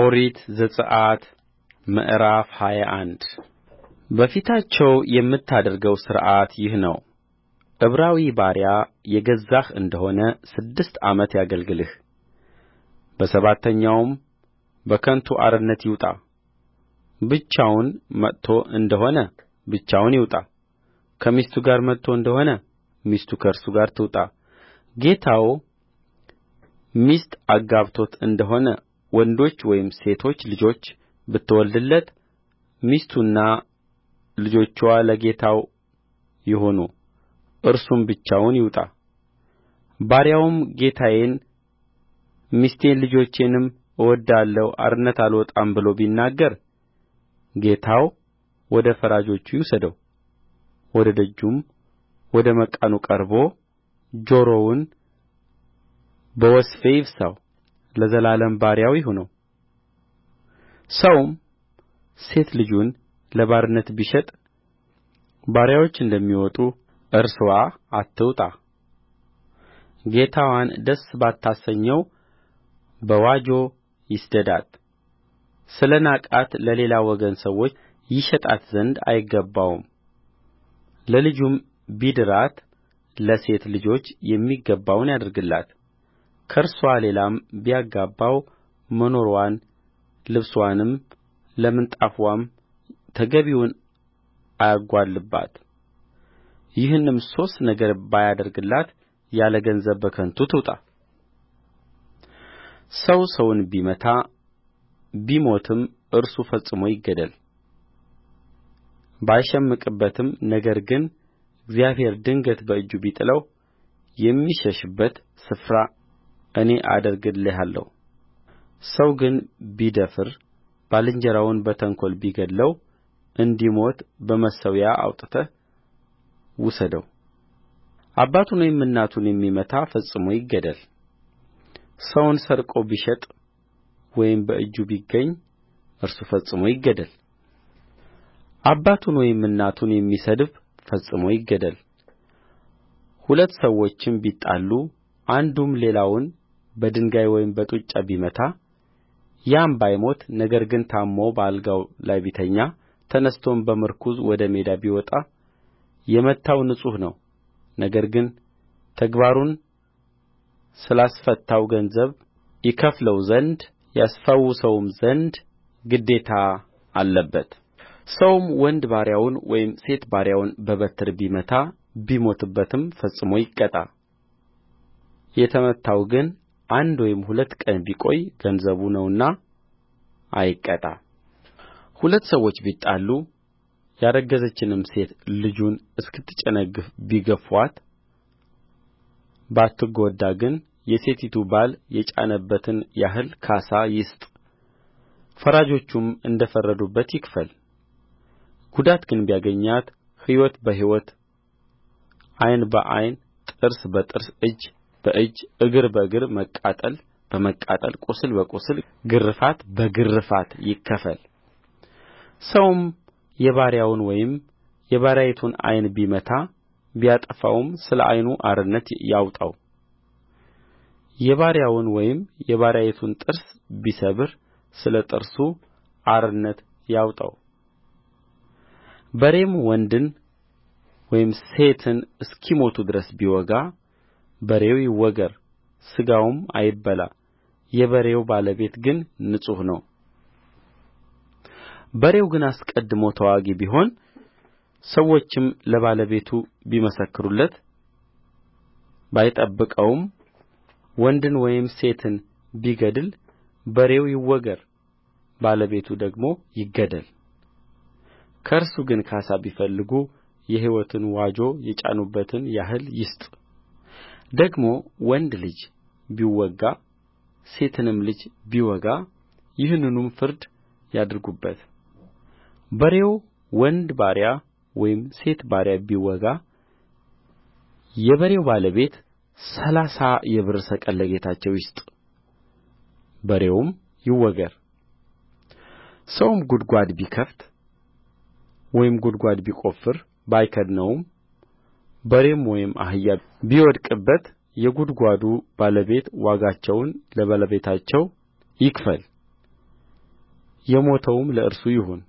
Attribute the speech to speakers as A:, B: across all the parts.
A: ኦሪት ዘጽአት ምዕራፍ ሃያ አንድ በፊታቸው የምታደርገው ሥርዓት ይህ ነው ዕብራዊ ባሪያ የገዛህ እንደሆነ ስድስት ዓመት ያገልግልህ በሰባተኛውም በከንቱ አርነት ይውጣ ብቻውን መጥቶ እንደሆነ ብቻውን ይውጣ ከሚስቱ ጋር መጥቶ እንደሆነ ሚስቱ ከእርሱ ጋር ትውጣ ጌታው ሚስት አጋብቶት እንደሆነ ወንዶች ወይም ሴቶች ልጆች ብትወልድለት ሚስቱና ልጆችዋ ለጌታው ይሁኑ እርሱም ብቻውን ይውጣ ባሪያውም ጌታዬን ሚስቴን ልጆቼንም እወድዳለሁ አርነት አልወጣም ብሎ ቢናገር ጌታው ወደ ፈራጆቹ ይውሰደው ወደ ደጁም ወደ መቃኑ ቀርቦ ጆሮውን በወስፌ ይብሳው ለዘላለም ባሪያው ይሁነው ሰውም ሴት ልጁን ለባርነት ቢሸጥ ባሪያዎች እንደሚወጡ እርስዋ አትውጣ ጌታዋን ደስ ባታሰኘው በዋጆ ይስደዳት ስለ ናቃት ለሌላ ወገን ሰዎች ይሸጣት ዘንድ አይገባውም ለልጁም ቢድራት ለሴት ልጆች የሚገባውን ያድርግላት ከእርስዋ ሌላም ቢያጋባው መኖዋን ልብስዋንም ለምንጣፍዋም ተገቢውን አያጕድልባት ይህንም ሦስት ነገር ባያደርግላት ያለ ገንዘብ በከንቱ ትውጣ ሰው ሰውን ቢመታ ቢሞትም እርሱ ፈጽሞ ይገደል ባይሸምቅበትም ነገር ግን እግዚአብሔር ድንገት በእጁ ቢጥለው የሚሸሽበት ስፍራ እኔ አደርግልሃለሁ ሰው ግን ቢደፍር ባልንጀራውን በተንኰል ቢገድለው እንዲሞት በመሠዊያ አውጥተህ ውሰደው አባቱን ወይም እናቱን የሚመታ ፈጽሞ ይገደል ሰውን ሰርቆ ቢሸጥ ወይም በእጁ ቢገኝ እርሱ ፈጽሞ ይገደል አባቱን ወይም እናቱን የሚሰድብ ፈጽሞ ይገደል ሁለት ሰዎችም ቢጣሉ አንዱም ሌላውን በድንጋይ ወይም በጡጫ ቢመታ ያም ባይሞት ነገር ግን ታምሞ በአልጋው ላይ ቢተኛ ተነሥቶም በምርኩዝ ወደ ሜዳ ቢወጣ የመታው ንጹሕ ነው ነገር ግን ተግባሩን ስላስፈታው ገንዘብ ይከፍለው ዘንድ ያስፈውሰውም ዘንድ ግዴታ አለበት። ሰውም ወንድ ባሪያውን ወይም ሴት ባሪያውን በበትር ቢመታ ቢሞትበትም ፈጽሞ ይቀጣ የተመታው ግን አንድ ወይም ሁለት ቀን ቢቆይ ገንዘቡ ነውና አይቀጣ ሁለት ሰዎች ቢጣሉ ያረገዘችንም ሴት ልጁን እስክትጨነግፍ ቢገፉአት ባትጐዳ ግን የሴቲቱ ባል የጫነበትን ያህል ካሳ ይስጥ ፈራጆቹም እንደ ፈረዱበት ይክፈል ጉዳት ግን ቢያገኛት ሕይወት በሕይወት ዓይን በዓይን ጥርስ በጥርስ እጅ በእጅ እግር በእግር መቃጠል በመቃጠል ቍስል በቍስል ግርፋት በግርፋት ይከፈል ሰውም የባሪያውን ወይም የባሪያይቱን ዓይን ቢመታ ቢያጠፋውም ስለ ዓይኑ አርነት ያውጣው የባሪያውን ወይም የባሪያይቱን ጥርስ ቢሰብር ስለ ጥርሱ አርነት ያውጣው በሬም ወንድን ወይም ሴትን እስኪሞቱ ድረስ ቢወጋ በሬው ይወገር ሥጋውም አይበላ የበሬው ባለቤት ግን ንጹሕ ነው በሬው ግን አስቀድሞ ተዋጊ ቢሆን ሰዎችም ለባለቤቱ ቢመሰክሩለት ባይጠብቀውም ወንድን ወይም ሴትን ቢገድል በሬው ይወገር ባለቤቱ ደግሞ ይገደል ከእርሱ ግን ካሳ ቢፈልጉ የሕይወትን ዎጆ የጫኑበትን ያህል ይስጥ ደግሞ ወንድ ልጅ ቢወጋ ሴትንም ልጅ ቢወጋ ይህንኑም ፍርድ ያድርጉበት በሬው ወንድ ባሪያ ወይም ሴት ባሪያ ቢወጋ የበሬው ባለቤት ሠላሳ የብር ሰቅል ለጌታቸው ይስጥ በሬውም ይወገር። ሰውም ጕድጓድ ቢከፍት ወይም ጕድጓድ ቢቈፍር ባይከድነውም በሬም ወይም አህያ ቢወድቅበት የጕድጓዱ ባለቤት ዋጋቸውን ለባለቤታቸው ይክፈል የሞተውም ለእርሱ ይሁን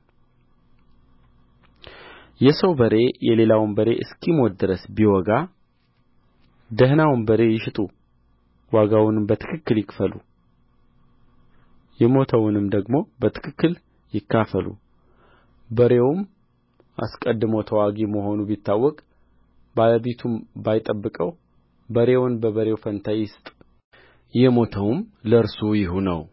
A: የሰው በሬ የሌላውን በሬ እስኪሞት ድረስ ቢወጋ ደህናውን በሬ ይሽጡ ዋጋውንም በትክክል ይክፈሉ የሞተውንም ደግሞ በትክክል ይካፈሉ በሬውም አስቀድሞ ተዋጊ መሆኑ ቢታወቅ ባለቤቱም ባይጠብቀው በሬውን በበሬው ፈንታ ይስጥ የሞተውም ለእርሱ ይሁነው